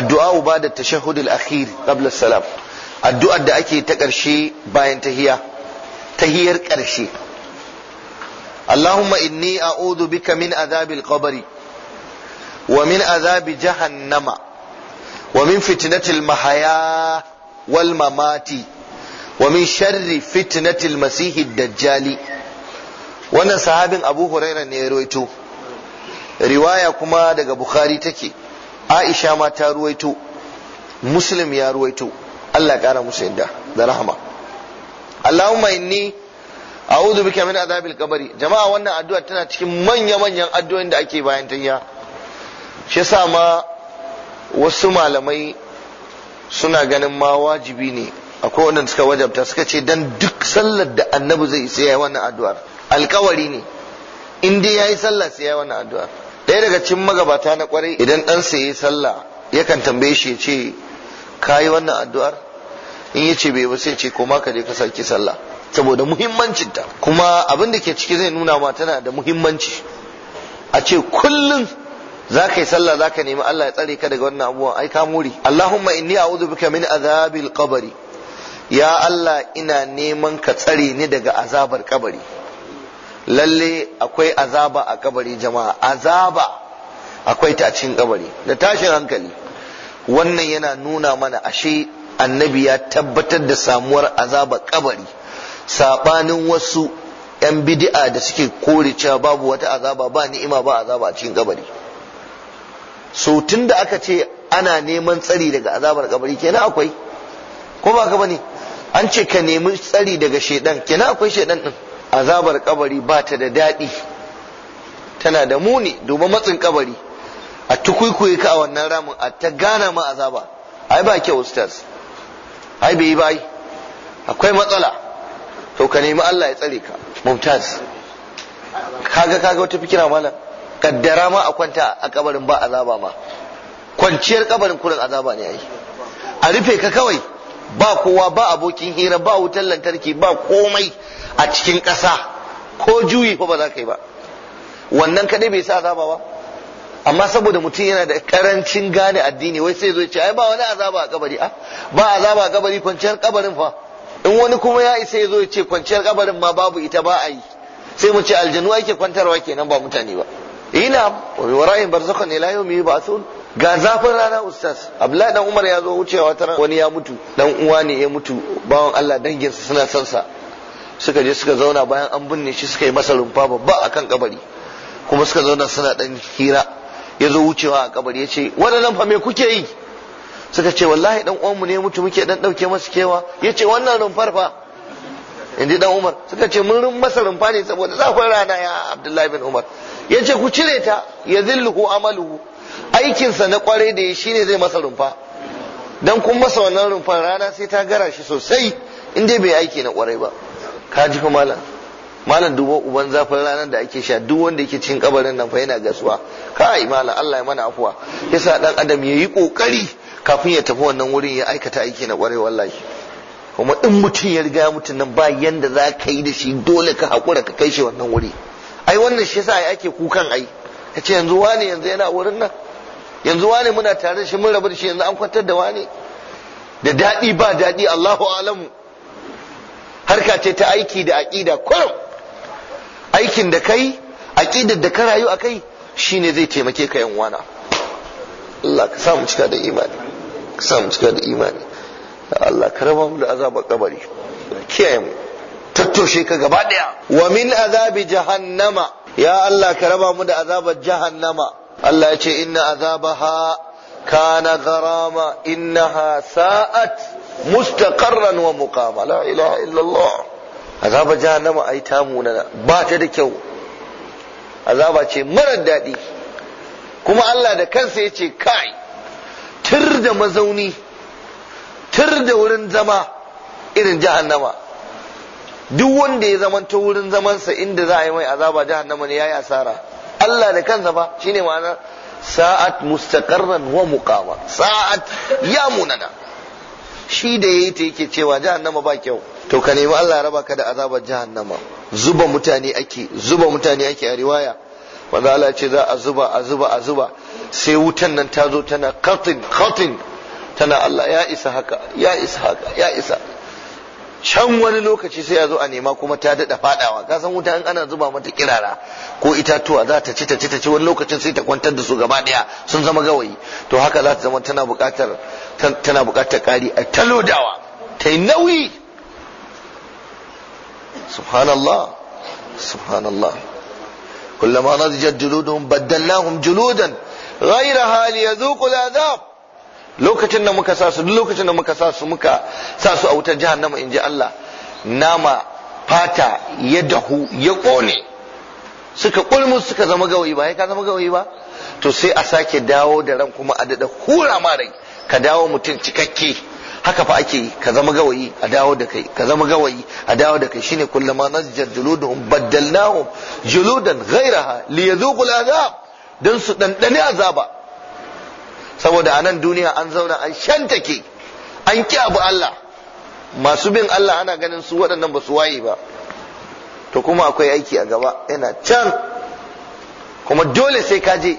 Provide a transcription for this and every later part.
addu'a ba da tashahhud al-akhir qabla salam addu'ar da ake ta ƙarshe bayan tahiya hiyar ƙarshe Allahumma inni a'udhu bika min azabil qabri wa min azabi jahannama wa min fitnatil mahaya wal mamati wa min sharri fitnatil masihid dajjali wannan sahabin Abu Hurairah ne ya rawaito riwaya kuma daga Bukhari take aisha ma ta ruwaito muslim ya ruwaito Allah kara musu yadda da rahama Allahumma inni a'udhu bika min adhabil kabari. jama'a wannan addu'a tana cikin manya manyan addu'o'in da ake bayan tayya shi yasa ma wasu malamai suna ganin ma wajibi ne akwai wanda suka wajabta suka ce dan duk sallar da annabi zai sai yi wannan addu'ar alkawari ne in dai yi sallah sai yayi wannan addu'ar ɗaya daga cikin magabata na kwarai idan ɗansa ya yi sallah yakan tambaye shi ya ce ka yi wannan addu'ar in ya ce bai ba sai ce koma ka je ka sake sallah saboda muhimmancinta kuma abin da ke ciki zai nuna ma tana da muhimmanci a ce kullum za ka yi sallah za ka nemi Allah ya tsare ka daga wannan abubuwan ai ka muri Allahumma inni a'udhu bika min azabil kabari. ya Allah ina neman ka tsare ni daga azabar kabari lalle akwai azaba a kabari jama'a azaba akwai ta a cikin kabari da tashin hankali wannan yana nuna mana ashe annabi ya tabbatar da samuwar azaba kabari sabanin wasu yan bid'a da suke kore cewa babu wata azaba ba ni'ima ba azaba a cikin kabari so tunda aka ce ana neman tsari daga azabar kabari kenan akwai ko ba ka bane an ce ka nemi tsari daga shedan kenan akwai shedan din azabar kabari ba ta da daɗi tana da muni duba matsin kabari a tukuikuyi ka a wannan ramin a ta gana ma azaba ai ba kyau ustaz ai bai yi bai akwai matsala to ka nemi Allah ya tsare ka mumtaz kaga kaga wata fikira mallam kaddara ma a kwanta a kabarin ba azaba ma kwanciyar kabarin kurin azaba ne ai a rufe ka kawai ba kowa ba abokin hira ba wutar lantarki ba komai a cikin ƙasa ko juyi ko ba za ka yi ba wannan kaɗai bai sa azaba ba amma saboda mutum yana da ƙarancin gane addini wai sai zo ce ai ba wani azaba a kabari a ah, ba azaba a kabari kwanciyar kabarin fa in wani kuma ya isa ya zo ya ce kwanciyar kabarin ma babu ita ba a yi sai mu ce aljanu ake kwantarwa kenan ba mutane ba ina eh, warayin barzakhan ila yawmi yub'athun ga zafin rana ustaz abdullahi dan umar ya zo wucewa ta wani ya mutu dan uwa ne ya mutu bawan Allah danginsa suna son sa suka je suka zauna bayan an binne shi suka yi masa rumfa babba a kan kabari kuma suka zauna suna dan hira ya zo wucewa a kabari ya ce waɗannan fa me kuke yi suka ce wallahi dan uwanmu ne mutu muke dan dauke masa kewa ya ce wannan rumfar fa in dan umar suka ce mun masa rumfa ne saboda zafin rana ya abdullahi bin umar ya ce ku cire ta ya zilluhu amaluhu aikinsa na kwarai da ya ne zai masa rumfa dan kun masa wannan rumfar rana sai ta gara shi sosai in dai bai aiki na kwarai ba ka ji fa malam malam dubo uban zafin ranar da ake sha duk wanda yake cikin kabarin nan fa yana gasuwa kai malam Allah ya mana afuwa yasa dan adam ya yi kokari kafin ya tafi wannan wurin ya aikata aiki na kware wallahi kuma in mutum ya riga mutum nan ba yanda za ka yi da shi dole ka hakura ka kai shi wannan wuri ai wannan shi yasa ai ake kukan ai kace yanzu wane yanzu yana wurin nan yanzu wane muna tare da shi mun rabu da shi yanzu an kwantar da wane da daɗi ba daɗi Allahu alamu harka ce ta aiki da aƙida kurum aikin da kai aƙidar da ka rayu a kai shine zai taimake ka yan wana Allah ka samu cika da imani ka samu cika da imani Allah ka raba mu da azabar kabari kiyaye mu tattoshe ka gaba daya wa min azabi jahannama ya Allah ka raba mu da azabar jahannama Allah ya ce inna azabaha kana nagarama in na ha wa mukamala. Alayyilaya illallah. Azabajahan nama a yi tamu na na. Ba ta da kyau. Azaba ce mara daɗi. Kuma Allah da kansa ya ce ka'ai, da mazauni, tir da wurin zama irin jahannama. Duk wanda ya zamanta wurin zamansa inda za a yi mai azaba a jahannama ne ya asara. Allah da kansa ba shine ma'ana. sa'at mustaqarran wa muqama sa'at ya munana shi da yayi ta yake cewa jahannama ba kyau to ka nemi Allah ya raba ka da azabar jahannama zuba mutane ake zuba mutane ake a riwaya wanda Allah ce za a zuba a zuba a zuba sai wutan nan ta zo tana katin katin tana Allah ya isa haka ya isa haka ya isa can wani lokaci sai ya zo a nema kuma ta daɗa fadawa ka san wuta in ana zuba mata kirara ko itatuwa za ta ci ta ci ta ci wani lokacin sai ta kwantar da su gaba ɗaya sun zama gawayi to haka za ta zama tana buƙatar tana buƙatar ƙari a talodawa ta yi nauyi subhanallah subhanallah kullama juludan ghayra hali yazuqu lokacin da muka sa su duk lokacin da muka sa su muka sa su a wutar jahannama in ji Allah nama fata ya dahu ya kone suka kulmu suka zama gawayi ba ya ka zama gawayi ba to sai a sake dawo da ran kuma a dada hura ma rai ka dawo mutum cikakke haka fa ake yi ka zama gawayi a dawo da kai ka zama gawayi a dawo da kai shine kullama nazjar juluduhum baddalnahum juludan ghayraha liyadhuqul azab dan su dandane azaba saboda a nan duniya an zauna an shantake an ki abu Allah masu bin Allah ana ganin su waɗannan ba su waye ba to kuma akwai aiki a gaba yana can kuma dole sai ka je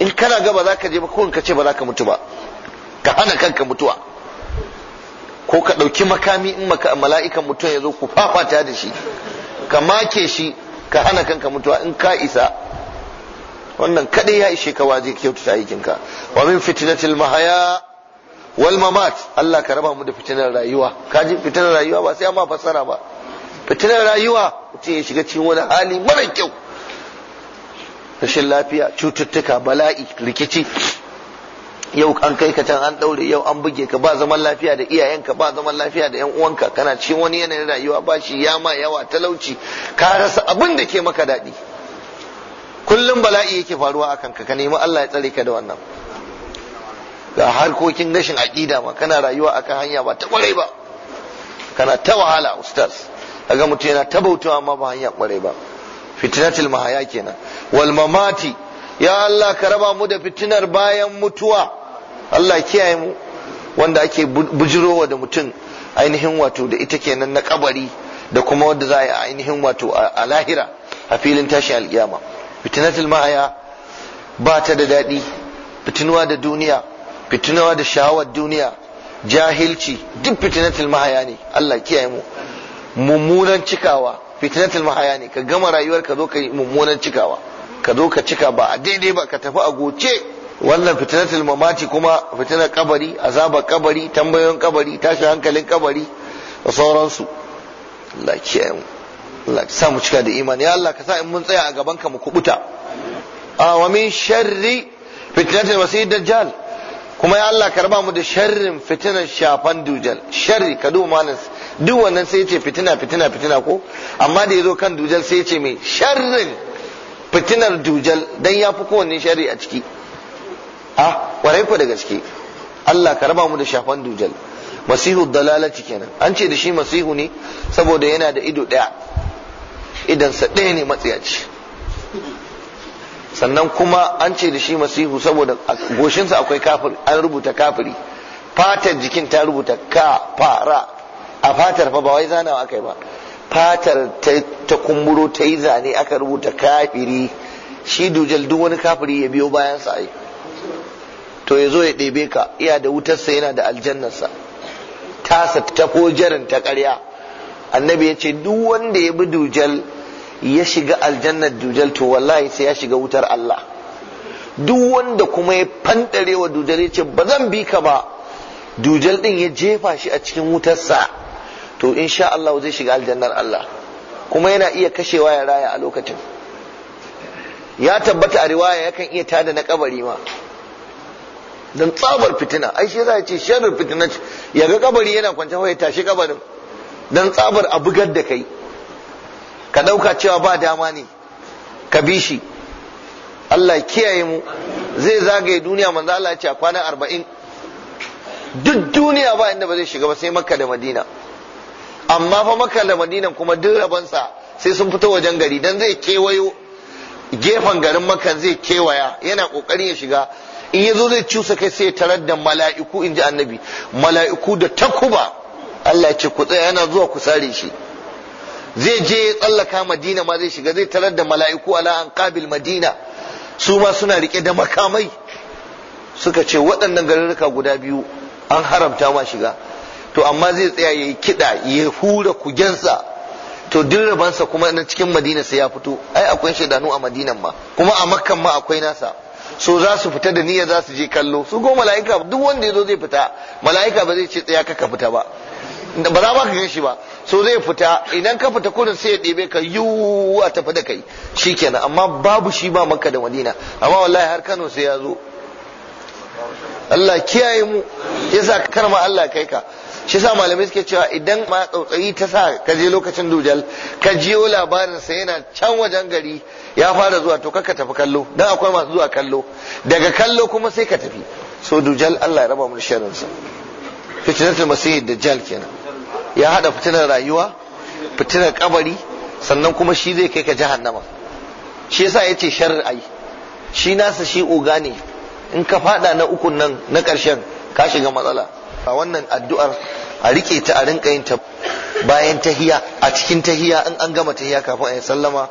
in kana gaba za ka je ba ko ka ce ba za ka mutu ba ka hana kanka mutuwa ko ka ɗauki makami in mala'ikan mutum ya zo ku fafata da shi ka make shi ka hana kanka mutuwa in ka isa wannan kadai ya ishe ka waje kyautata aikinka wa min fitnatil mahaya wal mamat Allah ka raba mu da fitinar rayuwa kaji fitinar rayuwa ba sai amma fassara ba fitinar rayuwa mutum ya shiga cikin wani hali mara kyau rashin lafiya cututtuka bala'i rikici yau an kai ka can an daure yau an buge ka ba zaman lafiya da iyayenka ba zaman lafiya da yan uwanka kana cikin wani yanayin rayuwa ba shi ya ma yawa talauci ka rasa abin da ke maka daɗi kullum bala'i yake faruwa akan ka ka nemi Allah ya tsare ka da wannan ga harkokin rashin aqida ma kana rayuwa akan hanya ba ta kwarai ba kana ta wahala ustaz kaga mutum yana ta bautawa amma ba hanya kwarai ba fitnatul mahaya kenan wal mamati ya Allah ka raba mu da fitinar bayan mutuwa Allah kiyaye mu wanda ake bujirowa da mutum ainihin wato da ita kenan na kabari da kuma wanda za a yi ainihin wato a lahira a filin tashin alkiyama fitinatul ma'aya ba ta da daɗi fitinuwa da duniya fitinuwa da sha'awar duniya jahilci duk fitinatul ma'aya ne Allah kiyaye mu mummunan cikawa fitinatul ma'aya ne ka gama rayuwar ka zo ka yi mummunan cikawa ka zo ka cika ba a daidai ba ka tafi a goce wannan fitinatul mamati kuma fitinar kabari azabar kabari tambayoyin kabari tashin hankalin kabari da sauransu Allah kiyaye mu Allah sa mu cika da imani ya Allah ka sa in mun tsaya a gaban ka mu kubuta a ah, wa min sharri fitnatil masih dajjal kuma ya Allah ka raba mu da sharrin fitinar shafan dujal sharri ka duba malam duk wannan sai yace fitina fitina fitina ko amma da yazo kan dujal sai yace mai sharrin fitinar dujal dan yafi kowanne sharri a ciki a ah, warai ko da gaske Allah ka raba mu da shafan dujal masihu dalalati kenan an ce da shi masihu ne saboda yana da ido daya Idan sa ɗaya ne matsiyaci sannan kuma an ce da shi masihu saboda goshinsa akwai kafiri. an rubuta kafiri fatar jikin ta rubuta ka fara a fatar fa ba wai zanawa aka yi ba fatar ta kumburo ta yi zane aka rubuta kafiri shi dujal duk wani kafiri ya biyo bayan sa ai to ya zo ya ɗebe ka iya da wutarsa yana da aljannarsa tasa ta ko jarin ta ƙarya annabi ya ce duk wanda ya bi dujal ya shiga aljannar dujal to wallahi sai ya shiga wutar Allah duk wanda kuma ya fandare wa dujal ya ce ba zan bi ka ba dujal din ya jefa shi a cikin wutarsa to insha Allah zai shiga aljannar Allah kuma yana iya kashewa ya raya a lokacin ya tabbata a riwaya yakan iya tada na kabari ma don tsabar fitina ai shi zai ce sharar fitina ya ga kabari yana kwance ya tashi kabarin don tsabar a bugar da kai ka ɗauka cewa ba dama ne ka bi shi Allah kiyaye mu zai zagaye duniya manzo Allah ya ce a kwana arba'in duk duniya ba inda ba zai shiga ba sai makka da madina amma fa makka da madina kuma duk rabansa sai sun fito wajen gari dan zai kewayo gefen garin makka zai kewaya yana kokari ya shiga in ya zo zai cusa kai sai tarar da mala'iku inji annabi mala'iku da takuba Allah ya ce ku tsaya yana zuwa ku sare shi zai je ya tsallaka madina ma zai shiga zai tarar da mala'iku ala an qabil madina su ma suna rike da makamai suka ce waɗannan garuruka guda biyu an haramta ma shiga to amma zai tsaya ya yi kiɗa ya hura kugensa to duk rabansa kuma na cikin madina sai ya fito ai akwai shaidanu a madinan ma kuma a makkan ma akwai nasa so za su fita da niyya za su je kallo su go mala'ika duk wanda ya zo zai fita mala'ika ba zai ce tsaya kaka fita ba ba za ka gan shi ba so zai fita idan ka fita kudin sai ya ɗebe ka yiwu a tafi da kai shi kenan amma babu shi ba makka da madina amma wallahi har kano sai ya zo Allah kiyaye mu yasa kar ma Allah kai ka shi sa malamai suke cewa idan ma tsautsayi ta sa ka je lokacin dujal ka jiyo labarin sa yana can wajen gari ya fara zuwa to ka tafi kallo dan akwai masu zuwa kallo daga kallo kuma sai ka tafi so dujal Allah ya raba mu da sharrin sa fitnatul masih dajjal kenan ya hada fitinar rayuwa fitinar kabari sannan kuma shi zai kai ka jahannama shi yasa yace sharri ai shi nasa shi oga ne in ka fada na ukun nan na karshen ka shiga matsala a wannan addu'ar a rike ta a rinka yin ta bayan tahiya a cikin tahiya in an gama tahiya kafin a yi sallama